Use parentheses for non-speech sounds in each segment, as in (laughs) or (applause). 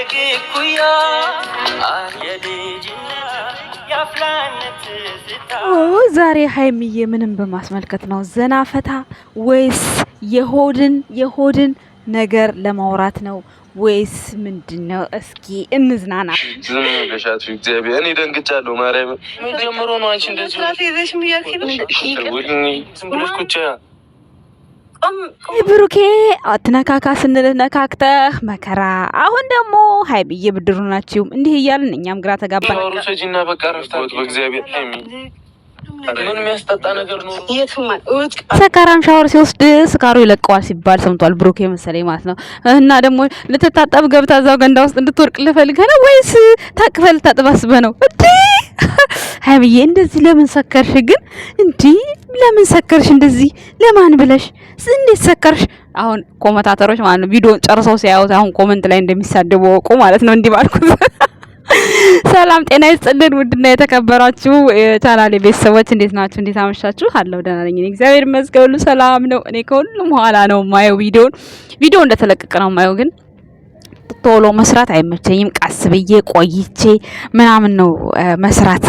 የግኩያ ዛሬ ሀይሚዬ ምንም በማስመልከት ነው ዘና ፈታ ወይስ የሆድን የሆድን ነገር ለማውራት ነው ወይስ ምንድን ነው? እስኪ እንዝናና። እግዚአብሔር እኔ ደንግጫለሁ። ማርያም ጀምሮ ነው አንቺ እንደዚህ ብሩኬ አትነካካ ስንልህ ነካክተህ መከራ። አሁን ደግሞ ሀይሚዬ ብድሩ ናችሁም እንዲህ እያልን እኛም ግራ ተጋባ። ሰካራም ሻወር ሲወስድ ስካሩ ይለቀዋል ሲባል ሰምቷል። ብሩክ የመሰለኝ ማለት ነው። እና ደግሞ ልትታጠብ ገብታ እዛው ገንዳ ውስጥ እንድትወርቅ ልፈልገህ ነው ወይስ ታቅፈ ልታጥብ አስበህ ነው? እንዲ (laughs) እንደዚህ ለምን ሰከርሽ ግን? እንዲ ለምን ሰከርሽ? እንደዚህ ለማን ብለሽ እንዴት ሰከርሽ? አሁን ኮመንታተሮች ማለት ነው ቪዲዮን ጨርሰው ሲያዩት አሁን ኮመንት ላይ እንደሚሳደቡ ወቁ ማለት ነው። እንዲህ ባልኩት ሰላም ጤና ይስጥልን። ውድና የተከበራችሁ የቻናሌ ቤተሰቦች እንዴት ናችሁ? እንዴት አመሻችሁ? አለው ደህና ነኝ እግዚአብሔር ይመስገን፣ ሁሉ ሰላም ነው። እኔ ከሁሉም ኋላ ነው ማየው ቪዲዮን ቪዲዮ እንደተለቀቀ ነው ማየው ግን ቶሎ መስራት አይመቸኝም። ቀስ ብዬ ቆይቼ ምናምን ነው መስራት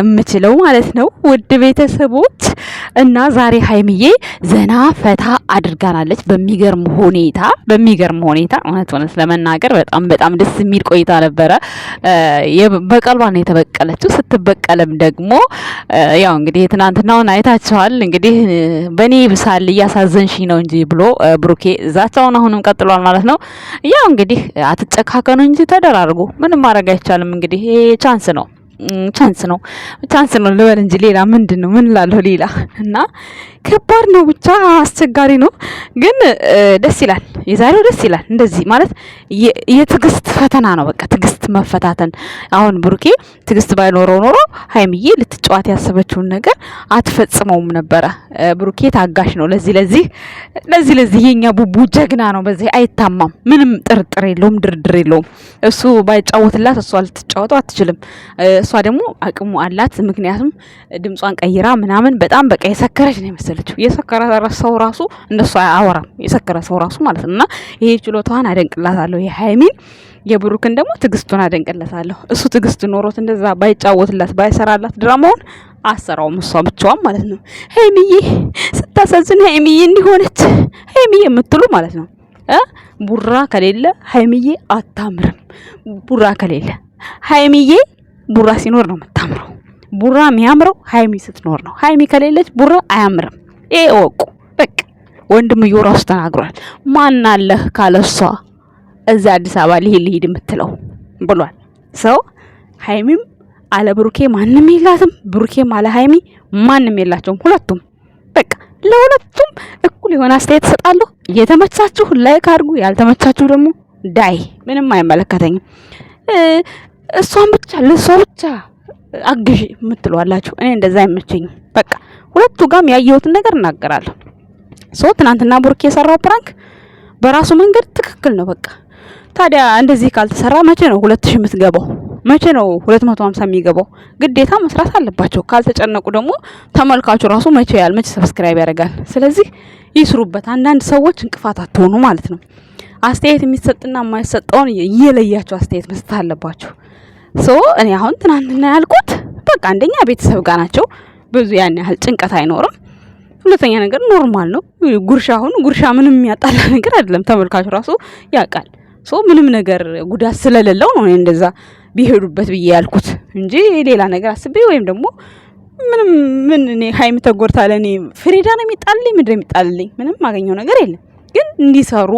የምችለው ማለት ነው። ውድ ቤተሰቦች እና ዛሬ ሀይምዬ ዘና ፈታ አድርጋናለች በሚገርም ሁኔታ በሚገርም ሁኔታ እውነት እውነት ለመናገር በጣም በጣም ደስ የሚል ቆይታ ነበረ። በቀልባ ነው የተበቀለችው። ስትበቀልም ደግሞ ያው እንግዲህ ትናንትናውን አይታችኋል። እንግዲህ በእኔ ብሳል እያሳዘንሽ ነው እንጂ ብሎ ብሩኬ እዛቸውን አሁንም ቀጥሏል ማለት ነው ያው እንግዲህ አትጨካከኑ እንጂ ተደራርጉ። ምንም ማድረግ አይቻልም። እንግዲህ ይሄ ቻንስ ነው ቻንስ ነው ቻንስ ነው ልበል እንጂ ሌላ ምንድን ነው? ምን ላለሁ ሌላ እና ከባድ ነው ብቻ አስቸጋሪ ነው፣ ግን ደስ ይላል። የዛሬው ደስ ይላል። እንደዚህ ማለት የትዕግስት ፈተና ነው። በቃ ትዕግስት መፈታተን። አሁን ብሩኬ ትዕግስት ባይኖረው ኖሮ ሀይምዬ ልትጫዋት ያሰበችውን ነገር አትፈጽመውም ነበረ። ብሩኬ ታጋሽ ነው። ለዚህ ለዚህ ለዚህ ለዚህ የኛ ቡቡ ጀግና ነው። በዚህ አይታማም። ምንም ጥርጥር የለውም፣ ድርድር የለውም። እሱ ባይጫወትላት እሷ ልትጫወተው አትችልም። እሷ ደግሞ አቅሙ አላት። ምክንያቱም ድምጿን ቀይራ ምናምን በጣም በቃ የሰከረች ነው የመሰለችው። የሰከረ ሰው ራሱ እንደሷ አያወራም። የሰከረ ሰው ራሱ ማለት ነው እና ይሄ ችሎታዋን አደንቅላታለሁ። የሀይሚን የብሩክን ደግሞ ትግስቱን አደንቅላታለሁ። እሱ ትግስት ኖሮት እንደዛ ባይጫወትላት ባይሰራላት ድራማውን አሰራውም እሷ ብቻዋን ማለት ነው። ሀይሚዬ ስታሳዝን፣ ሀይሚዬ እንዲሆነች ሀይሚዬ የምትሉ ማለት ነው። ቡራ ከሌለ ሀይሚዬ አታምርም። ቡራ ከሌለ ሀይሚዬ ቡራ ሲኖር ነው የምታምረው። ቡራ የሚያምረው ሀይሚ ስትኖር ነው። ሀይሚ ከሌለች ቡራ አያምርም። ይሄ እወቁ። ወንድምየው ራሱ ተናግሯል። ማን አለህ ካለሷ እዛ አዲስ አበባ ልሄድ ልሄድ የምትለው ብሏል። ሰው ሀይሚም አለ ብሩኬ ማንም የላትም፣ ብሩኬም አለ ሀይሚ ማንም የላቸውም። ሁለቱም በቃ ለሁለቱም እኩል የሆነ አስተያየት እሰጣለሁ። የተመቻችሁ ላይክ አድርጉ፣ ያልተመቻችሁ ደግሞ ዳይ ምንም አይመለከተኝም። እሷን ብቻ ለእሷ ብቻ አግዥ የምትሏላችሁ እኔ እንደዛ አይመቸኝም። በቃ ሁለቱ ጋም ያየሁትን ነገር እናገራለሁ። ሶ ትናንትና ቡርክ የሰራው ፕራንክ በራሱ መንገድ ትክክል ነው። በቃ ታዲያ እንደዚህ ካልተሰራ መቼ ነው 2000 የምትገባው? መቼ ነው 250 መቶ የሚገባው? ግዴታ መስራት አለባቸው። ካልተጨነቁ ደግሞ ተመልካቹ ራሱ መቼ ያል መቼ ሰብስክራይብ ያደርጋል? ስለዚህ ይስሩበት። አንዳንድ ሰዎች እንቅፋት አትሆኑ ማለት ነው። አስተያየት የሚሰጥና የማይሰጠውን እየለያቸው አስተያየት መስጠት አለባቸው። ሶ እኔ አሁን ትናንትና ያልኩት በቃ አንደኛ ቤተሰብ ጋር ናቸው፣ ብዙ ያን ያህል ጭንቀት አይኖርም። ሁለተኛ ነገር ኖርማል ነው ጉርሻ። አሁን ጉርሻ ምንም የሚያጣላ ነገር አይደለም፣ ተመልካቹ ራሱ ያውቃል። ሶ ምንም ነገር ጉዳት ስለሌለው ነው እኔ እንደዛ ቢሄዱበት ብዬ ያልኩት እንጂ ሌላ ነገር አስቤ ወይም ደግሞ ምንም ምን እኔ ሀይም ተጎድታ ለእኔ ፍሬዳ ነው የሚጣልልኝ ምድር የሚጣልልኝ ምንም ማገኘው ነገር የለም። ግን እንዲሰሩ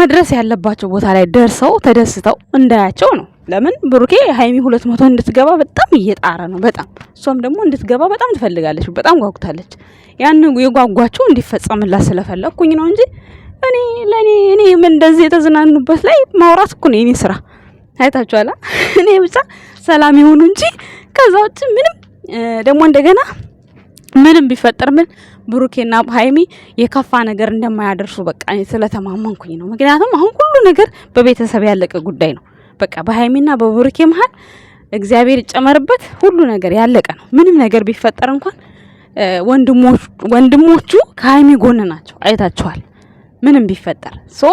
መድረስ ያለባቸው ቦታ ላይ ደርሰው ተደስተው እንዳያቸው ነው ለምን ብሩኬ ሀይሚ ሁለት መቶ እንድትገባ በጣም እየጣረ ነው። በጣም እሷም ደግሞ እንድትገባ በጣም ትፈልጋለች፣ በጣም ጓጉታለች። ያን የጓጓቸው እንዲፈጸምላት ስለፈለግኩኝ ነው እንጂ እኔ ለእኔ እኔ እንደዚህ የተዝናኑበት ላይ ማውራት እኮ ነው የኔ ስራ። አይታችኋላ። እኔ ብቻ ሰላም የሆኑ እንጂ ከዛ ውጭ ምንም ደግሞ እንደገና ምንም ቢፈጠር ምን ብሩኬና ሀይሚ የከፋ ነገር እንደማያደርሱ በቃ ስለተማመንኩኝ ነው። ምክንያቱም አሁን ሁሉ ነገር በቤተሰብ ያለቀ ጉዳይ ነው። በቃ በሀይሚና በቡርኬ መሀል እግዚአብሔር ይጨመርበት። ሁሉ ነገር ያለቀ ነው። ምንም ነገር ቢፈጠር እንኳን ወንድሞቹ ከሀይሚ ጎን ናቸው። አይታችኋል። ምንም ቢፈጠር ሶ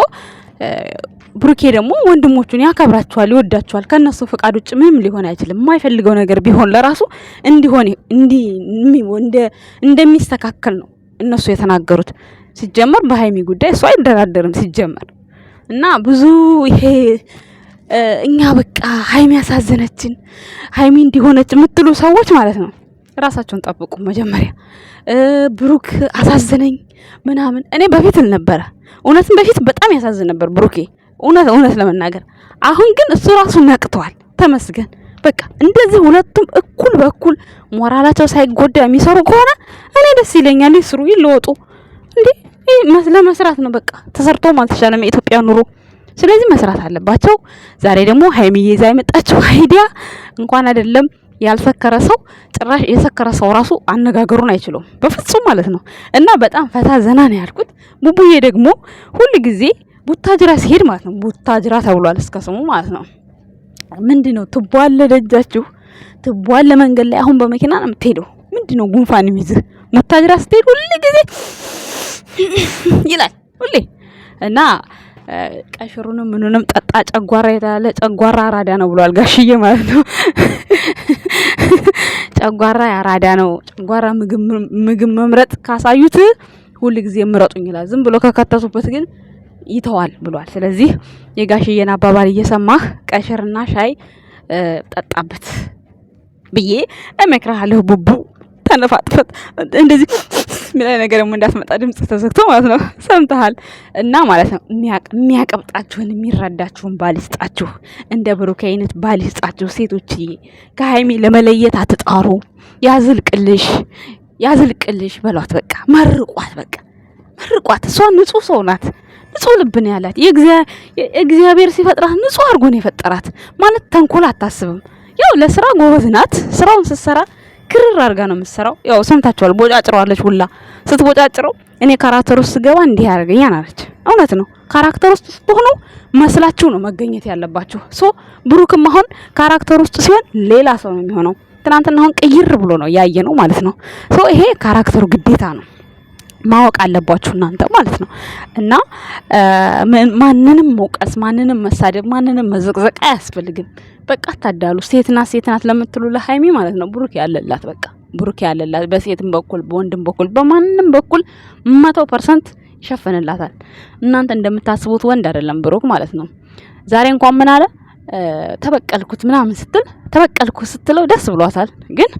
ብሩኬ ደግሞ ወንድሞቹን ያከብራቸዋል፣ ይወዳቸዋል። ከእነሱ ፈቃድ ውጭ ምንም ሊሆን አይችልም። የማይፈልገው ነገር ቢሆን ለራሱ እንዲሆን እንደሚስተካከል ነው እነሱ የተናገሩት። ሲጀመር በሀይሚ ጉዳይ እሱ አይደራደርም ሲጀመር እና ብዙ ይሄ እኛ በቃ ሀይሚ ያሳዘነችን ሀይሚ እንዲሆነች የምትሉ ሰዎች ማለት ነው ራሳቸውን ጠብቁ። መጀመሪያ ብሩክ አሳዘነኝ ምናምን እኔ በፊት ልነበረ እውነትም በፊት በጣም ያሳዝን ነበር ብሩኬ፣ እውነት እውነት ለመናገር አሁን ግን እሱ ራሱ ነቅተዋል። ተመስገን በቃ እንደዚህ ሁለቱም እኩል በኩል ሞራላቸው ሳይጎዳ የሚሰሩ ከሆነ እኔ ደስ ይለኛል። ይስሩ፣ ይለወጡ። እንዴ ለመስራት ነው በቃ ተሰርቶም አልተቻለም የኢትዮጵያ ኑሮ ስለዚህ መስራት አለባቸው። ዛሬ ደግሞ ሀይሚዬ ይዛ የመጣችው አይዲያ እንኳን አይደለም ያልሰከረ ሰው ጭራሽ የሰከረ ሰው ራሱ አነጋገሩን አይችሉም በፍጹም ማለት ነው። እና በጣም ፈታ ዘና ነው ያልኩት። ቡቡዬ ደግሞ ሁል ጊዜ ቡታጅራ ሲሄድ ማለት ነው ቡታጅራ ተብሏል እስከ ስሙ ማለት ነው። ምንድን ነው ትቧል፣ ለደጃችሁ ትቧል፣ ለመንገድ ላይ አሁን በመኪና ነው የምትሄደው። ምንድን ነው ጉንፋን የሚይዝህ ቡታጅራ ስትሄድ ሁል ጊዜ ይላል ሁሌ እና ቀሽሩንም ምኑንም ጠጣ ጨጓራ የተላለ ጨጓራ አራዳ ነው ብሏል ጋሽዬ ማለት ነው። (laughs) ጨጓራ ያራዳ ነው። ጨጓራ ምግብ መምረጥ ካሳዩት ሁል ጊዜ ምረጡኝ ይላል። ዝም ብሎ ከከተሱበት ግን ይተዋል ብሏል። ስለዚህ የጋሽዬን አባባል እየሰማህ ቀሽርና ሻይ ጠጣበት ብዬ እመክርሃለሁ። ቡቡ ተነፋጥፈት እንደዚህ የሚላይ ነገር እንዳትመጣ ድምጽ ተዘግቶ ማለት ነው። ሰምተሃል እና ማለት ነው የሚያቀብጣችሁን የሚረዳችሁን ባል ይስጣችሁ። እንደ ብሩኬ አይነት ባል ይስጣችሁ። ሴቶችዬ ከሀይሜ ለመለየት አትጣሩ። ያዝልቅልሽ ያዝልቅልሽ በሏት። በቃ መርቋት፣ በቃ መርቋት። እሷ ንጹህ ሰው ናት። ንጹህ ልብ ነው ያላት። እግዚአብሔር ሲፈጥራት ንጹህ አድርጎ ነው የፈጠራት። ማለት ተንኮል አታስብም። ያው ለስራ ጎበዝ ናት። ስራውን ስትሰራ ክርር አድርጋ ነው የምትሰራው። ያው ሰምታችኋል። ቦጫጭረዋለች ሁላ ስትቦጫጭረው እኔ ካራክተር ውስጥ ስገባ እንዲህ ያደርገኛል አለች። እውነት ነው። ካራክተር ውስጥ ስትሆኑ መስላችሁ ነው መገኘት ያለባችሁ። ሶ ብሩክም አሁን ካራክተር ውስጥ ሲሆን ሌላ ሰው ነው የሚሆነው። ትናንትና አሁን ቅይር ብሎ ነው ያየ ነው ማለት ነው። ሶ ይሄ ካራክተሩ ግዴታ ነው። ማወቅ አለባችሁ እናንተ ማለት ነው። እና ማንንም መውቀስ፣ ማንንም መሳደብ፣ ማንንም መዘቅዘቅ አያስፈልግም። በቃ አታዳሉ። ሴትና ሴትናት ለምትሉ ለሀይሚ ማለት ነው ብሩክ ያለላት በቃ ብሩክ ያለላት በሴትም በኩል በወንድም በኩል በማንም በኩል መቶ ፐርሰንት ይሸፍንላታል። እናንተ እንደምታስቡት ወንድ አይደለም ብሩክ ማለት ነው። ዛሬ እንኳን ምን አለ ተበቀልኩት ምናምን ስትል ተበቀልኩ ስትለው ደስ ብሏታል። ግን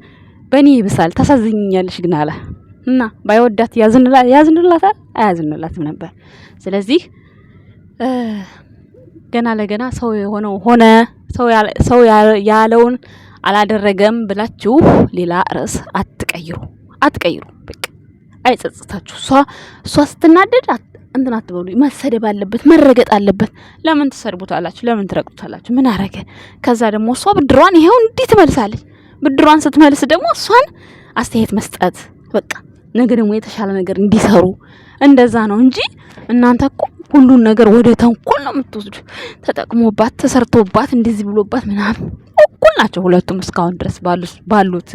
በእኔ ይብሳል ተሳዝኛለሽ ግን አለ እና ባይወዳት ያዝንላታል አያዝንላትም ነበር። ስለዚህ ገና ለገና ሰው የሆነው ሆነ ሰው ያለውን አላደረገም ብላችሁ ሌላ ርዕስ አትቀይሩ አትቀይሩ። በቃ አይጸጽታችሁ። እሷ እሷ ስትናደድ እንትን አትበሉ። መሰደብ አለበት፣ መረገጥ አለበት። ለምን ትሰድቡታላችሁ? ለምን ትረግጡታላችሁ? ምን አረገ? ከዛ ደግሞ እሷ ብድሯን ይኸው እንዲህ ትመልሳለች። ብድሯን ስትመልስ ደግሞ እሷን አስተያየት መስጠት በቃ ነገ ደግሞ የተሻለ ነገር እንዲሰሩ እንደዛ ነው እንጂ እናንተ እኮ ሁሉን ነገር ወደ ተንኮል ነው የምትወስዱ። ተጠቅሞባት ተሰርቶባት እንደዚህ ብሎባት ምናምን እኩል ናቸው ሁለቱም። እስካሁን ድረስ ባሉት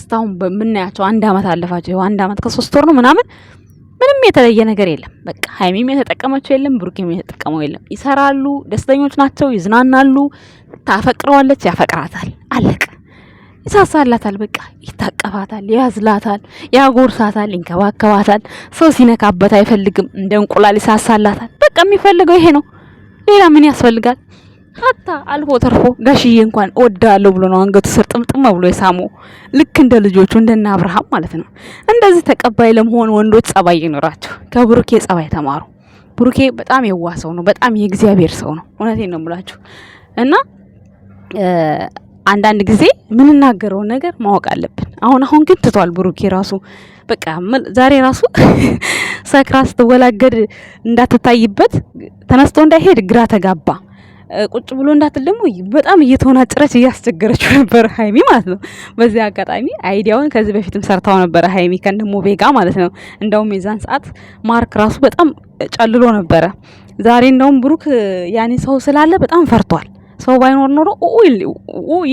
እስካሁን በምናያቸው አንድ አመት አለፋቸው አንድ አመት ከሶስት ወር ነው ምናምን ምንም የተለየ ነገር የለም። በቃ ሀይሚም የተጠቀመችው የለም፣ ብሩኬም የተጠቀመው የለም። ይሰራሉ፣ ደስተኞች ናቸው፣ ይዝናናሉ። ታፈቅረዋለች፣ ያፈቅራታል። አለቀ። ይሳሳላታል፣ በቃ ይታቀፋታል፣ ያዝላታል፣ ያጎርሳታል፣ ይንከባከባታል። ሰው ሲነካበት አይፈልግም። እንደ እንቁላል ይሳሳላታል። በቃ የሚፈልገው ይሄ ነው። ሌላ ምን ያስፈልጋል? ሀታ አልፎ ተርፎ ጋሽዬ እንኳን እወዳለሁ ብሎ ነው አንገቱ ስር ጥምጥም ብሎ የሳመው። ልክ እንደ ልጆቹ እንደነ አብርሃም ማለት ነው። እንደዚህ ተቀባይ ለመሆን ወንዶች ጸባይ ይኖራቸው። ከብሩኬ ጸባይ ተማሩ። ብሩኬ በጣም የዋ ሰው ነው። በጣም የእግዚአብሔር ሰው ነው። እውነቴን ነው የምላችሁ እና አንዳንድ ጊዜ የምንናገረውን ነገር ማወቅ አለብን። አሁን አሁን ግን ትቷል ብሩኬ ራሱ በቃ ዛሬ ራሱ (laughs) ሰክራ ስትወላገድ እንዳትታይበት ተነስቶ እንዳይሄድ ግራ ተጋባ። ቁጭ ብሎ እንዳትል ደግሞ በጣም እየተወናጨረች እያስቸገረችው ነበር ሀይሚ ማለት ነው። በዚህ አጋጣሚ አይዲያውን ከዚህ በፊትም ሰርታው ነበረ ሀይሚ ከነሞ ቤጋ ማለት ነው። እንደውም የዛን ሰዓት ማርክ ራሱ በጣም ጨልሎ ነበረ። ዛሬ እንደውም ብሩክ ያኔ ሰው ስላለ በጣም ፈርቷል። ሰው ባይኖር ኖሮ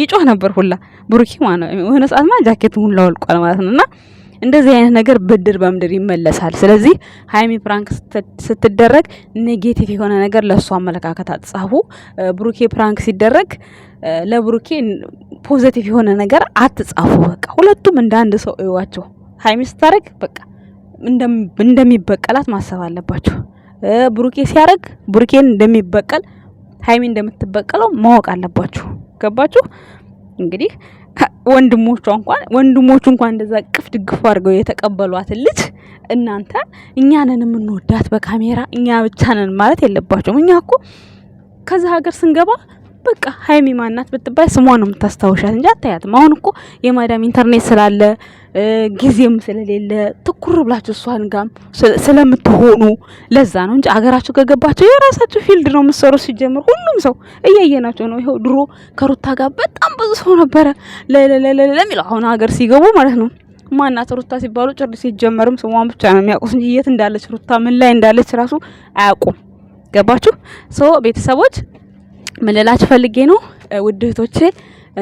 ይጮህ ነበር ሁላ ብሩኪ ማለት ሰዓት ማለት ጃኬቱን ሁላ ወልቋል ማለት ነው። እና እንደዚህ አይነት ነገር ብድር በምድር ይመለሳል። ስለዚህ ሀይሚ ፕራንክ ስትደረግ ኔጌቲቭ የሆነ ነገር ለእሱ አመለካከት አትጻፉ። ብሩኬ ፕራንክ ሲደረግ ለብሩኬ ፖዘቲቭ የሆነ ነገር አትጻፉ። በቃ ሁለቱም እንደ አንድ ሰው እዩዋቸው። ሀይሚ ስታደርግ በቃ እንደሚበቀላት ማሰብ አለባችሁ። ብሩኬ ሲያደርግ ብሩኬን እንደሚበቀል ሀይሚ እንደምትበቀለው ማወቅ አለባችሁ። ገባችሁ እንግዲህ ወንድሞቿ እንኳን ወንድሞቹ እንኳን እንደዛ ቅፍ ድግፉ አድርገው የተቀበሏት ልጅ እናንተ እኛ ነን የምንወዳት በካሜራ እኛ ብቻ ነን ማለት የለባቸውም። እኛ እኮ ከዛ ሀገር ስንገባ በቃ ሀይሚ ማናት ብትባይ ስሟ ነው የምታስታውሻት እንጂ አታያትም። አሁን እኮ የማዳም ኢንተርኔት ስላለ ጊዜም ስለሌለ ትኩር ብላችሁ እሷን ጋም ስለምትሆኑ ለዛ ነው እንጂ አገራችሁ ከገባችሁ የራሳችሁ ፊልድ ነው የምትሰሩ። ሲጀምር ሁሉም ሰው እያየናቸው ነው። ይኸው ድሮ ከሩታ ጋር በጣም ብዙ ሰው ነበረ ለሚለው አሁን ሀገር ሲገቡ ማለት ነው ማናት ሩታ ሲባሉ ጭር ሲጀመርም ስሟን ብቻ ነው የሚያውቁት እንጂ የት እንዳለች ሩታ ምን ላይ እንዳለች ራሱ አያውቁም። ገባችሁ? ሰው ቤተሰቦች ምን ልላችሁ ፈልጌ ነው ውድ እህቶቼ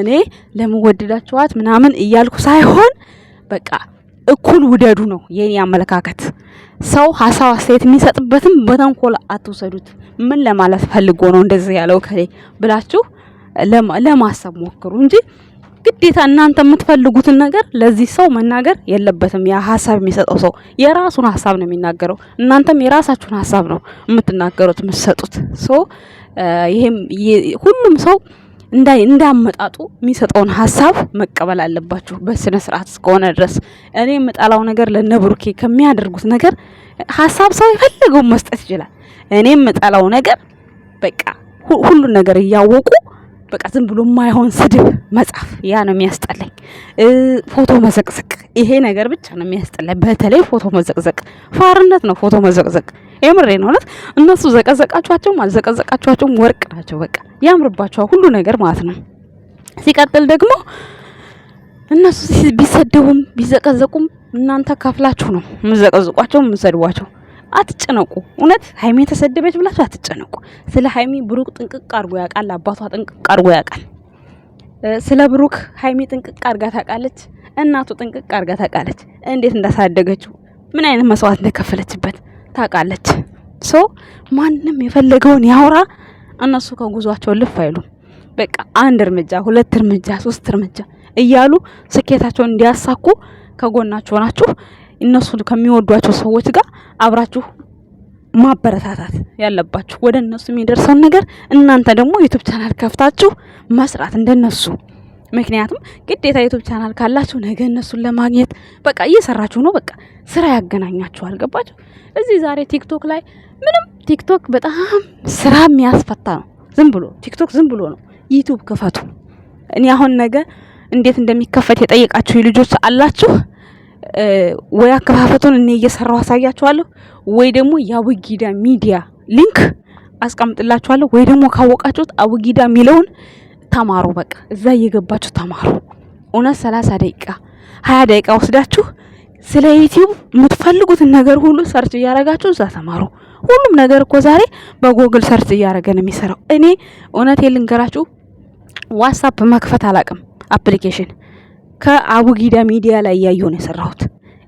እኔ ለምን ምናምን እያልኩ ሳይሆን በቃ እኩል ውደዱ ነው የኔ አመለካከት። ሰው ሀሳብ አስተያየት የሚሰጥበትም በተንኮል አትውሰዱት። ምን ለማለት ፈልጎ ነው እንደዚህ ያለው ከሌ ብላችሁ ለማሰብ ሞክሩ እንጂ ግዴታ እናንተ የምትፈልጉትን ነገር ለዚህ ሰው መናገር የለበትም። ያ ሀሳብ የሚሰጠው ሰው የራሱን ሀሳብ ነው የሚናገረው። እናንተም የራሳችሁን ሀሳብ ነው የምትናገሩት የምትሰጡት። ሶ ይሄም ሁሉም ሰው እንዳመጣጡ የሚሰጠውን ሀሳብ መቀበል አለባችሁ በስነ ስርዓት እስከሆነ ድረስ። እኔ የምጠላው ነገር ለነብሩኬ ከሚያደርጉት ነገር ሀሳብ ሰው የፈለገውን መስጠት ይችላል። እኔ የምጠላው ነገር በቃ ሁሉን ነገር እያወቁ በቃ ዝም ብሎ የማይሆን ስድብ መጻፍ፣ ያ ነው የሚያስጠላኝ። ፎቶ መዘቅዘቅ፣ ይሄ ነገር ብቻ ነው የሚያስጠላኝ። በተለይ ፎቶ መዘቅዘቅ ፋርነት ነው ፎቶ መዘቅዘቅ። የምሬ ነው እውነት። እነሱ ዘቀዘቃችኋቸውም አልዘቀዘቃችኋቸውም ወርቅ ናቸው። በቃ ያምርባቸዋል ሁሉ ነገር ማለት ነው። ሲቀጥል ደግሞ እነሱ ቢሰደቡም ቢዘቀዘቁም እናንተ ካፍላችሁ ነው የምዘቀዝቋቸው የምሰድቧቸው። አትጨነቁ። እውነት ሀይሜ ተሰደበች ብላችሁ አትጨነቁ። ስለ ሀይሚ ብሩክ ጥንቅቅ አድርጎ ያውቃል። አባቷ ጥንቅቅ አድርጎ ያውቃል። ስለ ብሩክ ሀይሚ ጥንቅቅ አድርጋ ታውቃለች። እናቱ ጥንቅቅ አድርጋ ታውቃለች፣ እንዴት እንዳሳደገችው፣ ምን አይነት መስዋዕት እንደከፈለችበት። ታውቃለች። ሶ ማንም የፈለገውን ያውራ፣ እነሱ ከጉዟቸው ልፍ አይሉ። በቃ አንድ እርምጃ፣ ሁለት እርምጃ፣ ሶስት እርምጃ እያሉ ስኬታቸውን እንዲያሳኩ ከጎናቸው ናችሁ። እነሱ ከሚወዷቸው ሰዎች ጋር አብራችሁ ማበረታታት ያለባችሁ። ወደ እነሱ የሚደርሰውን ነገር እናንተ ደግሞ ዩቱብ ቻናል ከፍታችሁ መስራት እንደነሱ ምክንያቱም ግዴታ ዩቱብ ቻናል ካላችሁ ነገ እነሱን ለማግኘት በቃ እየሰራችሁ ነው። በቃ ስራ ያገናኛችሁ አልገባችሁ። እዚህ ዛሬ ቲክቶክ ላይ ምንም ቲክቶክ በጣም ስራ የሚያስፈታ ነው። ዝም ብሎ ቲክቶክ ዝም ብሎ ነው። ዩቱብ ክፈቱ። እኔ አሁን ነገ እንዴት እንደሚከፈት የጠየቃችሁ ልጆች አላችሁ። ወይ አከፋፈቱን እኔ እየሰራው አሳያችኋለሁ፣ ወይ ደግሞ የአቡጊዳ ሚዲያ ሊንክ አስቀምጥላችኋለሁ፣ ወይ ደግሞ ካወቃችሁት አቡጊዳ የሚለውን ተማሩ። በቃ እዛ እየገባችሁ ተማሩ። እውነት ሰላሳ ደቂቃ ሀያ ደቂቃ ወስዳችሁ ስለ ዩቲዩብ የምትፈልጉትን ነገር ሁሉ ሰርች እያረጋችሁ እዛ ተማሩ። ሁሉም ነገር እኮ ዛሬ በጎግል ሰርች እያደረገ ነው የሚሰራው። እኔ እውነት የልንገራችሁ ዋትሳፕ መክፈት አላቅም አፕሊኬሽን ከአቡጊዳ ሚዲያ ላይ እያየሁ ነው የሰራሁት።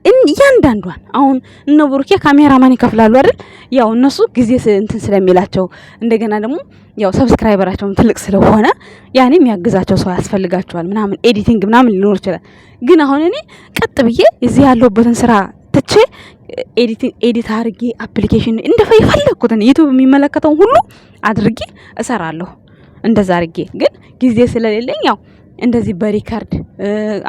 እያንዳንዷን አሁን እነ ቡሩኬ ካሜራማን ይከፍላሉ አይደል? ያው እነሱ ጊዜ እንትን ስለሚላቸው እንደገና ደግሞ ያው ሰብስክራይበራቸውም ትልቅ ስለሆነ ያኔ የሚያግዛቸው ሰው ያስፈልጋቸዋል፣ ምናምን ኤዲቲንግ ምናምን ሊኖር ይችላል። ግን አሁን እኔ ቀጥ ብዬ እዚህ ያለሁበትን ስራ ትቼ ኤዲት አድርጌ አፕሊኬሽን እንደፈ የፈለግኩትን ዩቱብ የሚመለከተውን ሁሉ አድርጌ እሰራለሁ። እንደዛ አድርጌ ግን ጊዜ ስለሌለኝ ያው እንደዚህ በሪከርድ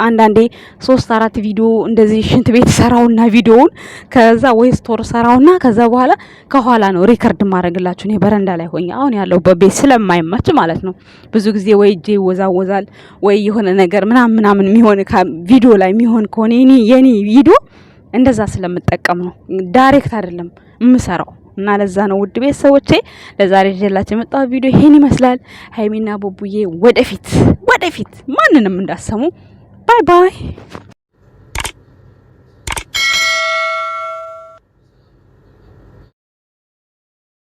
አንዳንዴ ሶስት አራት ቪዲዮ እንደዚህ ሽንት ቤት ሰራውና ቪዲዮውን ከዛ ወይ ስቶር ሰራውና ከዛ በኋላ ከኋላ ነው ሪከርድ ማድረግላችሁ። እኔ በረንዳ ላይ ሆኜ አሁን ያለው በቤት ስለማይመች ማለት ነው። ብዙ ጊዜ ወይ እጄ ይወዛወዛል ወይ የሆነ ነገር ምናምን ምናምን የሚሆን ቪዲዮ ላይ የሚሆን ከሆነ የኔ ቪዲዮ እንደዛ ስለምጠቀም ነው። ዳይሬክት አይደለም የምሰራው እና ለዛ ነው ውድ ሰዎቼ ለዛሬ ይዤላችሁ የመጣው ቪዲዮ ይሄን ይመስላል። ሀይሚና ቡቡዬ ወደፊት ወደፊት ማንንም እንዳሰሙ ባይ ባይ።